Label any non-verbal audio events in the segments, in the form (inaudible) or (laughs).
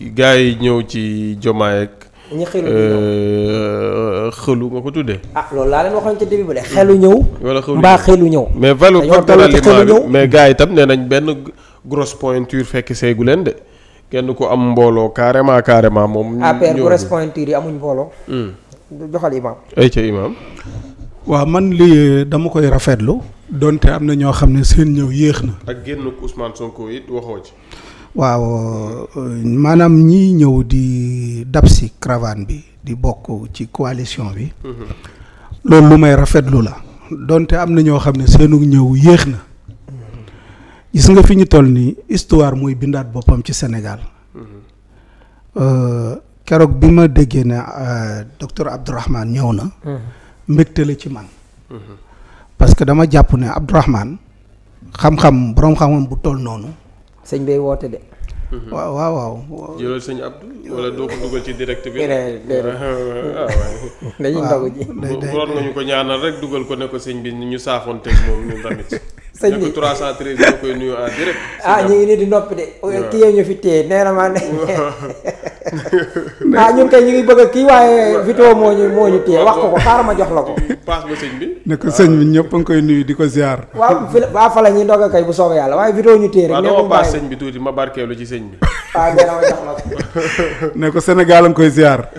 gars yi ñëw ci Jomaay ak. ñi xelu euh, xelu nga ko tuddee. ah loolu laa leen waxoon ci début ba de xelu ñëw. wala xelu mbaa xelu ñëw. mais valu facteur aliment bi mais gars yi itam nee nañ benn grosse pointure fekk seegu leen de kenn ku am mbooloo carrément carrément moom. ñëw affaire grosse yi amuñ mbooloo. Hmm. joxal imaam. ay ca imaam. waaw man lii euh, dama koy rafetlu. donte am na ñoo xam ne seen ñëw yéex na. ak génn Ousmane Sonko it waxoo ci. waaw maanaam ñi ñëw di dab si caravane bi di bokk ci coalition bi. Mhm. loolu lu may rafetlu la. donte am na ñoo xam ne seenu ñëw yéex na. gis nga fi ñu toll nii histoire mooy bindaat boppam ci Sénégal. Mhm. Euh, keroog bi ma déggee ne euh, docteur Abdourahmane ñëw na. Mhm. mbégte la ci man. parce que dama jàpp ne Abdourahmane xam-xam boroom xam bu toll noonu. sëñ bay woote de. Mhm. waaw waaw waaw. jëlal sëñ Abdou wala doo ko dugal ci direct bi. (laughs) Ah, (laughs) dañuy ndogu ji. waroon nga ñu ko ñaanal rek dugal ko ne ko sëñ bi ñu saafoonteeg moom ñun tamit. (laughs) sëñ bi ne ko 313 ñoo koy nuyu en direct. ah ñu ngi nii di noppi de. waaw kii ñu fi téye nee na maa ne. ah ñun kay ñu ngi bëgg a kii waaye vidéo moo ñu téye wax ko ko xaaral jox la ko. (laughs) paas bi. ne ko bi ñëpp a koy nuyu di ko ziar. ñu téye rek. nekkul bàyyi waaw paas sëñ bi tuuti ma barkeelu ci sëñ bi. waaw nee na ma jox (laughs) ne ko Sénégal a ngi koy ziar. (laughs)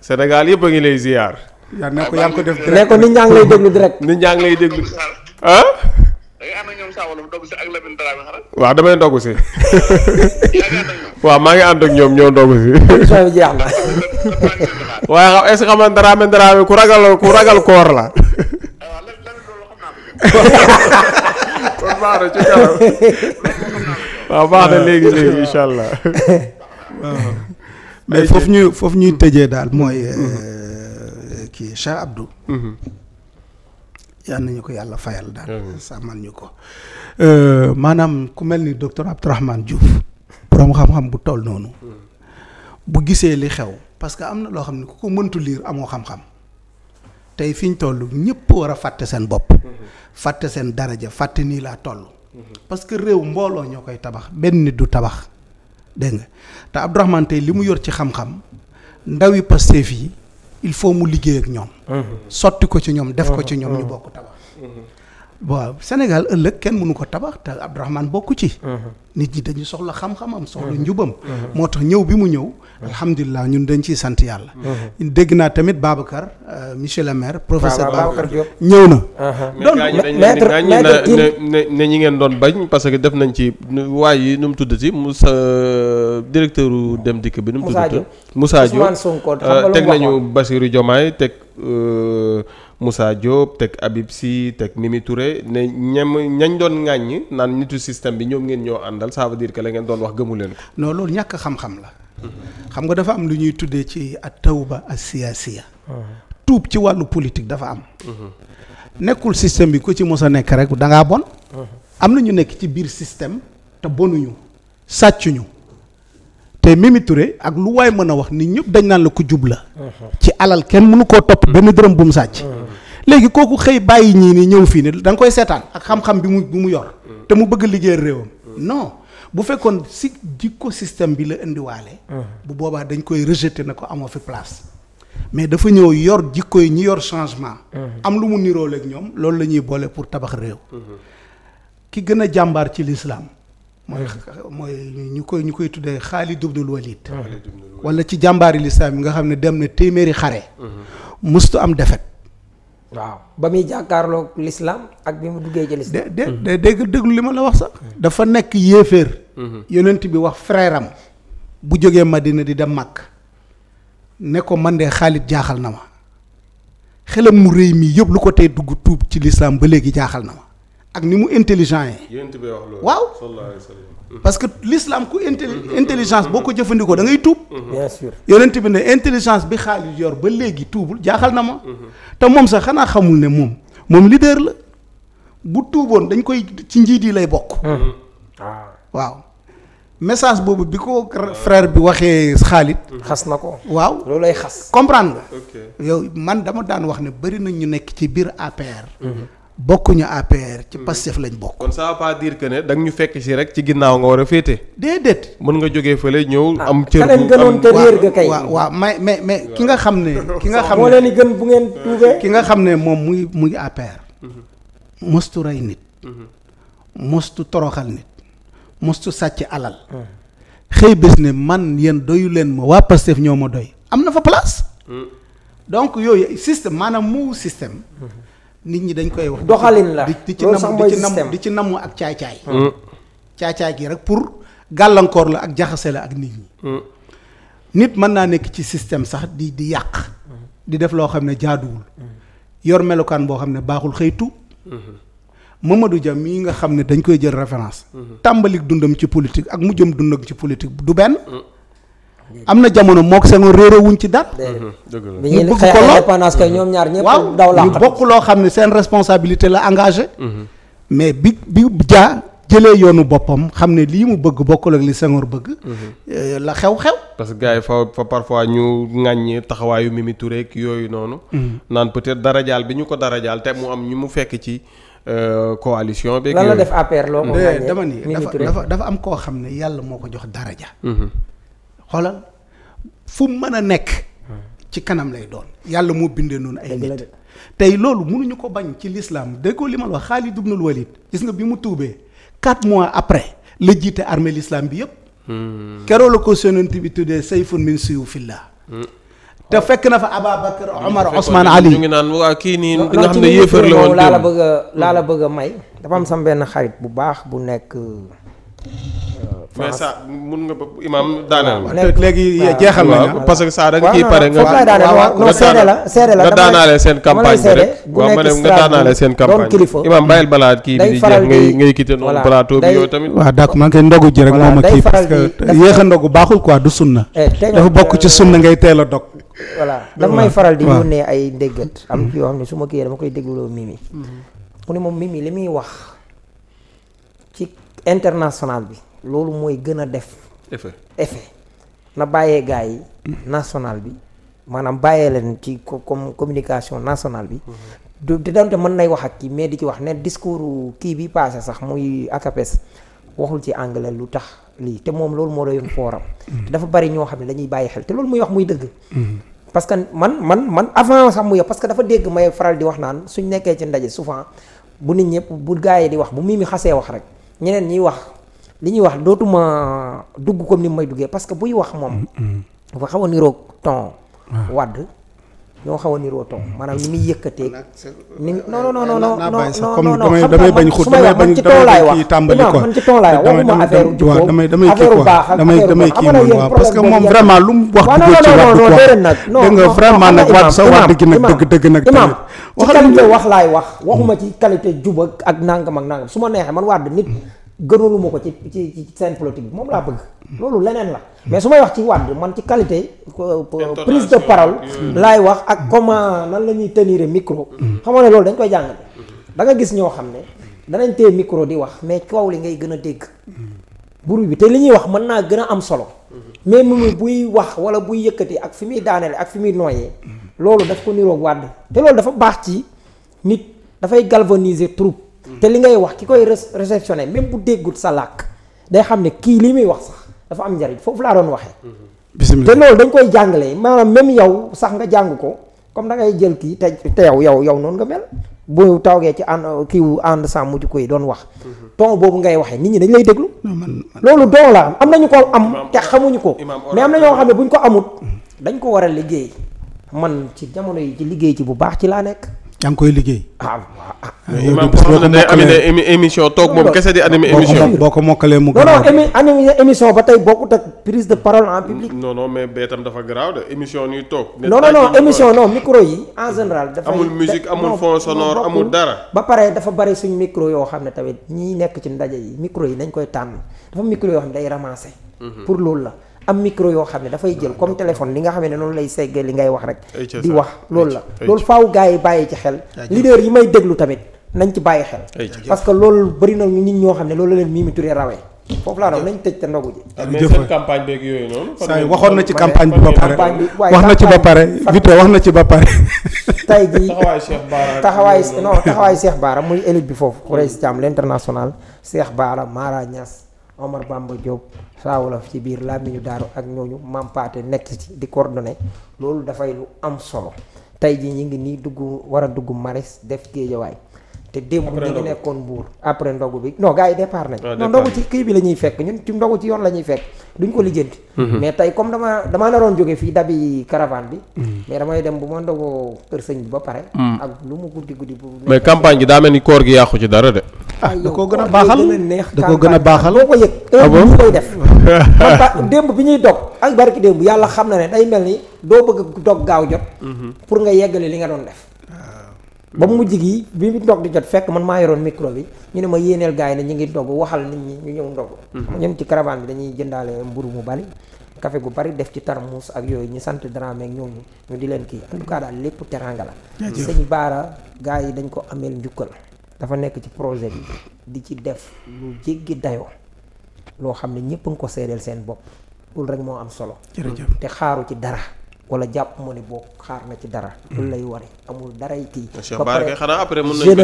Sénégal yëpp a ngi lay ziar. yaa ne ko yaa def direct ne ko nit ñaa ngi lay déglu direct. nit ñaa lay déglu ah. ànd waaw damay dogu si. (laughs) waaw maa ngi ànd ak ñoom ñoo dogu si. (laughs) émission bi jeex na. (laughs) waaye ku ragal koor la. kon baax na léegi léegi incha allah. mais foofu ñuy foofu ñuy tëjee daal mooy mm-hmm. euh, kii Cheikh Abdou. Mm-hmm. yal nañu ko yàlla fayal daal sàmmal ñu ko euh, maanaam ku mel ni docteur Abdourahmane Diouf borom xam-xam bu toll noonu bu gisee li xew parce que am na loo xam ne ku ko mëntu liir amoo xam-xam tey fi ñu toll ñëpp war a fàtte seen bopp fàtte seen daraja fàtte nii laa toll parce que réew mbooloo ñoo koy tabax benn nit du tabax dégg nga te Abdourahmane tey li mu yor ci xam-xam ndawi Pastef yi il faut mu liggéey ak ñoom. Mhm. sotti ko ci ñoom def ko mhm. ci ñoom ñu mhm. bokk tabax. waaw Sénégal ëllëg kenn mënu ko tabax te Abdourahmane bokku ci. Uh-huh. nit ñi dañu soxla xam-xamam soxla uh-huh. njubam. Uh-huh. moo tax ñëw bi mu ñëw. alhamdulilah ñun dañ ciy sant yàlla. dégg naa tamit Babacar euh, monsieur le maire. professeur ñëw na. donc maître ne ne ngeen doon bañ parce que def nañ ci waay yi nu mu tuddati Moussa directeur u Dem Dikk bi nu mu tuddati. Moussa Diop Moussa Diop euh, teg nañu Bassirou Diomaye teg. Euh, Moussa Diop teg Habib Sy teg Mimi Touré ne ñem ñañ doon ŋàññ naan nitu système bi ñoom ngeen ñoo àndal ça veut dire que la ngeen doon wax gëmu leen ko. loolu ñàkk xam-xam la. xam nga dafa am lu ñuy tuddee ci at tawba as siyaasiya ah. tuub ci wàllu politique dafa am. Mhm. nekkul système bi ku ci mos a nekk rek da bon. Mhm. am na ñu nekk ci biir système te bonuñu sàccuñu te Mimi Touré ak lu waay mën a wax ni ñëpp dañ naan la ko jub la. Mhm. ci alal kenn mënu koo topp benn dërëm bu sàcc. léegi kooku xëy bàyyi ñii ni ñëw fii ni da nga koy seetaan ak xam-xam bi mu bi mu yor mm. te mu bëgg liggéeyal réewam mm. non bu fekkoon si jikko système bi la indiwaale mm. bu boobaa dañ koy rejeter na ko amoon fi place mais dafa ñëw yor jikko yi ñu yor changement mm-hmm. am lu mu niroole ñoom loolu la ñuy boole pour tabax réew mm-hmm. ki gën a jàmbaar ci lislaam mooy mm-hmm. mooy ñu koy ñu koy tuddee Xaalid ibnul Walid wala ci jàmbaari lislaam bi nga xam ne dem na téeméeri xare mustu am defet waaw ba muy jàkkaarloog lislaam ak bi mu duggee ci lislaam de de dégg déglu li ma la wax sax dafa nekk yéeféer mhm. yonent bi wax frère bu jógee Madina di dem mag ne ko man de Xaalid jaaxal na ma xelam mu réy mi yëpp lu ko tey dugg tuub ci lislaam ba léegi jaaxal na ma ak ni mu intelligent yi waaw parce que l'islam ku mm-hmm. Mm-hmm. intelligence boo ko jëfandikoo da ngay tuub mm-hmm. bien sûr bi ne intelligence bi Xaalid yor ba léegi tuubul jaaxal na ma te moom sax xanaa xamul ne moom moom leader la bu tuuboon dañ koy ci njiit yi lay bokk ah. waaw message boobu bi ko frère bi waxee Xaalid xas na ko waaw loolu lay xas comprendre nga yow man dama daan wax ne bëri na ñu nekk ci biir APR bokkuñu APR ci mm-hmm. Pastef lañ bokk. kon ça veut pas que ne ñu fekk si rek ci ginnaaw nga war a féete. déedéet. mën nga jógee fële ñëw. Ah, am cër bu am gënoon te réer ga kay. waaw waaw mais ki nga xam ne. (laughs) ki nga xam ne moo leen gën bu ngeen ki nga xam ne moom muy muy APR. Mm-hmm. mostu rey nit. Mm-hmm. mostu toroxal nit. mostu sàcc alal. Mm. xëy bés ne man yéen doyu leen ma waa Pastef ñoo ma doy. am na fa place. Mm. donc yooyu système maanaam mu système. nit ñi dañ koy wax. doxalin la di ci namm di ci namm ak caay-caay. Mm. caay-caay gi rek pour gàllankoor la ak jaxase la ak nit ñi. Mm. nit mën naa nekk ci système sax di di yàq. di def loo xam ne jaaduwul. yor melokaan boo xam ne baaxul xëytu. Mamadou Dia mii nga xam ne dañ koy jël référence. Mm-hmm. tàmbalik dundam ci politique ak mujjam dundam ci politique du benn. Mm. am na jamono mook Senghor réeré wuñ ci dara. Mhm. ñu bëgg ko lool indépendance kay ñoom ñaar ñëpp daw bokk loo xam ne seen responsabilité la engagé. Mhm. mais bi bi jaa jëlee yoonu boppam xam ne lii mu bëgg bokkul ak li Senghor bëgg. Mhm. Euh, la xew-xew. parce que gars yi fa fa parfois ñu ŋàññi taxawaayu Mimi Touré yooyu noonu. naan peut-être jaal bi ñu ko darajaal te mu am ñu mu fekk ci. Euh, coalition beeg yooyu lan la def APR loo ko dama ni dafa dafa am koo xam ne yàlla moo ko jox daraja. xoolal fu mën a nekk. ci kanam lay doon yàlla moo bindee noonu ay nit tey loolu mënuñu ko bañ ci lislaam déggoo li ma la wax Xaalid ibnul Walid gis nga bi mu tuubee quatre mois après la jiite armée l'islam bi yëpp hmm. keroo la ko sonent bi tuddee sayfun min suyufillah hmm. te fekk na fa Ababacar hmm. Omar Ousmane Ali ñu naan kii nii di xam ne yéefar laa la bëgg a laa la bëgg a may dafa am sama benn xarit bu baax bu nekk mais ça mun nga ba imaam daaneel ma. léegi jeexal nañu parce que ça da nga kii pare nga. la seede la nga daanaale seen campagne bi rek. waaw ma ne nga daanaale seen campagne bi imaam bàyyil balaa kii bi di jeex ngay ngay quitté noonu plateau bi yow tamit. waaw d'accord man kay ndogu ji rek moo ma kii parce que yéex a ndogu baaxul quoi du sunna. Eh, dafa bokk ci euh, sunna ngay teel a dog. voilà dafa may faral di yónnee ay ndéggat. am mm-hmm. yoo xam ne su ma kii dama koy dégloo Mimi. Mm-hmm. mu ne moom Mimi li muy loolu mooy gën a def. effet na bàyyee gaa yi. national bi maanaam bàyyee leen ci comme communication national bi. du di doonte mën nay wax ak kii mais di ci wax ne discours kii bi passé sax muy akapes waxul ci anglais lu tax lii te moom loolu moo doon fooram. te dafa bari ñoo xam ne dañuy bàyyi xel te loolu muy wax muy dëgg. parce que man man man avant sax muy parce que dafa dégg may faral di wax naan suñ nekkee ci ndaje souvent bu nit ñëpp bu gaa yi di bu mii mi xasee wax rek ñeneen ñiy wax. li ñuy wax dootuma dugg comme ni may duggee parce que buy wax moom. Mm, mm. dafa xaw a niroog ton. Ah. wadd ñoo xaw a niroo ton maanaam ni muy yëkkatee. ni non non non non non non non non damay bañ xut damay bañ ci ton laay wax tàmbali quoi man ci ton laay wax waxuma affaire jikko damay damay kii quoi damay damay kii moom waaw parce que moom vraiment lu mu wax duggoo ci wadd quoi dégg nga vraiment nag wadd sa wadd gi nag dëgg dëgg nag tamit ci qualité wax laay wax waxuma ci qualité jub ak nangam ak nangam su ma neexee man wadd nit mm. gënalu ko ci ci seen politique bi moom laa bëgg. loolu leneen la. mais su may wax ci Wade man ci qualité. Euh, euh, prise de parole. laay wax ak comment nan la ñuy tenir micro. xam nga ne loolu dañ koy jàng da nga gis ñoo xam ne danañ téye micro di wax mais kaw li ngay gën a dégg. buru bi te li ñuy wax mën naa gën a am solo. mais mu buy wax wala buy yëkkati ak fi muy daanele ak fi muy noyyee. loolu daf ko niroog Wade te loolu dafa baax ci nit dafay galvaniser troupe. te li ngay wax ki koy réceptionné même bu déggut sa làkk day xam ne kii lii muy wax sax dafa am njariñ foofu laa doon waxee. bisimilah te loolu dañ koy jàngalee maanaam même yow sax nga jàng ko comme da ngay jël kii te te yow yow yow noonu nga mel bu taw gee ci ànd kii wu ànd sàmm mujj koy doon wax. Mhm. ton boobu ngay waxee nit ñi dañ lay déglu. loolu don la am am nañu ko am. te xamuñu ko. mais am na ñoo xam ne bu ñu ko amut. Mhm. dañ ko war a liggéey. man ci jamono yi ci liggéey ci bu baax ci laa nekk. yaa koy liggéey. ah yow de ah, émission toog moom kese boo ko mokkalee mu. non non ba tey bokkut ak prise de parole en public. tam dafa garaaw de émission toog. non non émission non micro yi en général. dafay amul musique amul fond sonore amul dara. ba pare dafa bari suñu micro yoo xam ne tamit ñii nekk ci ndaje yi micro yi nañ koy tànn dafa micro yoo xam ne day ramasser. Mhm. pour loolu la. am micro yoo xam ne dafay jël comme téléphone li nga xam ne noonu lay seggee li ngay wax rek di wax loolu la loolu faaw gars yi bàyyi ci xel leader yi may déglu tamit nañ ci bàyyi xel parce que loolu bëri na nit ñoo xam ne loolu la leen Mimi Touré rawee foofu laa doon nañ tëj te ndogu ji. Ah, mais seen campagne beeg waxoon na ci campagne bi ba pare wax na ci ba pare Vito wax na ci ba pare. tey jii (laughs) taxawaayu Cheikh Baara. taxawaayu Baara muy élite bi foofu. Khoureychi Thiam l'international Cheikh Baara Mara Niass. Omar Bamba Diop saawolof ci biir làmmiñu daaru ak ñooñu màmpaate nekk ci di coordonné loolu dafay lu am solo tey ji ñu ngi nii dugg war a dugg maris def géejawaay te démb ñu ngi nekkoon mbuur après ndogu bi non gars yi départ nañ non ndogu ci kii bi la ñuy fekk ñun ci ndogu ci yoon la ñuy fekk duñ ko lijjanti mhm. mais tey comme dama damaa naroon jóge fii dabi caravane bi mhm. damay dem bu ma ndogoo ba pare mhm. ak lu mu guddi guddi bu mais campagne daa mel ni koor gi yàqu ci dara de ah, da koo gën a baaxal da koo gën a baaxal boo ko yëg ah ñu koy (laughs) démb bi ñuy dog ak barki démb yàlla xam na ne day mel ni doo bëgg dog gaaw jot pour nga yeggale li nga doon def ah. ba mujj gi bi bi ndog di jot fekk man maa yoroon micro bi ñu ne ma yéeneel gars yi ne ñu ngi ndog waxal nit ñi ñu ñëw ndog mhm. ñun ci caravane bi dañuy jëndaale mburu mu bari kafe gu bari def ci tarmuus ak yooyu ñu sant Dramé ak ñooñu ñu di leen kii en tout cas daal lépp teranga la sëñ Baara gars yi dañ ko ameel njukkal dafa nekk ci projet bi di ci def lu jéggi dayoo loo xam ne ñëpp nga ko seedeel seen bopp loolu rek moo am solo te xaaru ci dara wala jàpp mu ne xaar na ci dara. loolu ba pare xanaa après mën nañu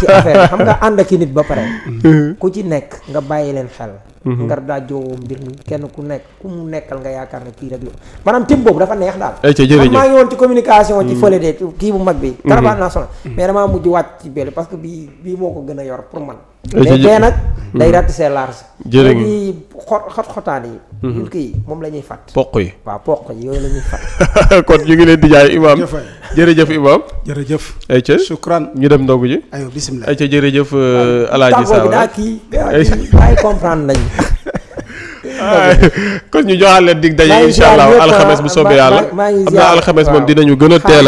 xam nga ànd ak nit ba pare. Mm-hmm. ku ci nekk nga bàyyi leen xel. Mm-hmm. ngar daa joowoo mbir mi kenn ku nekk ku mu nekkal nga yaakaar ne kii rek la maanaam tim boobu dafa neex daal maa mm-hmm. mujj wàcc ci parce que bii bii ko gën a yor pour man mais tey nag day ratisser large. jërëjëf léegi xot xotaan yi. Mhm. moom la ñuy fàtt. poq yi waaw poq yi yooyu la ñuy fàtt. (laughs) kon ñu ngi leen di jaay imaam jërëjëf imaam. jërëjëf. ayca sukran ñu dem ndogu ji. aywa bisimilah jërëjëf. alaaji euh, Saawa daa (laughs) ah, kon ñu joxaat leen dig daje incha allah alxames bu ah, soobee yàlla. maa ngi ziar maa ngi ziar xam naa alxames moom dinañu gën a teel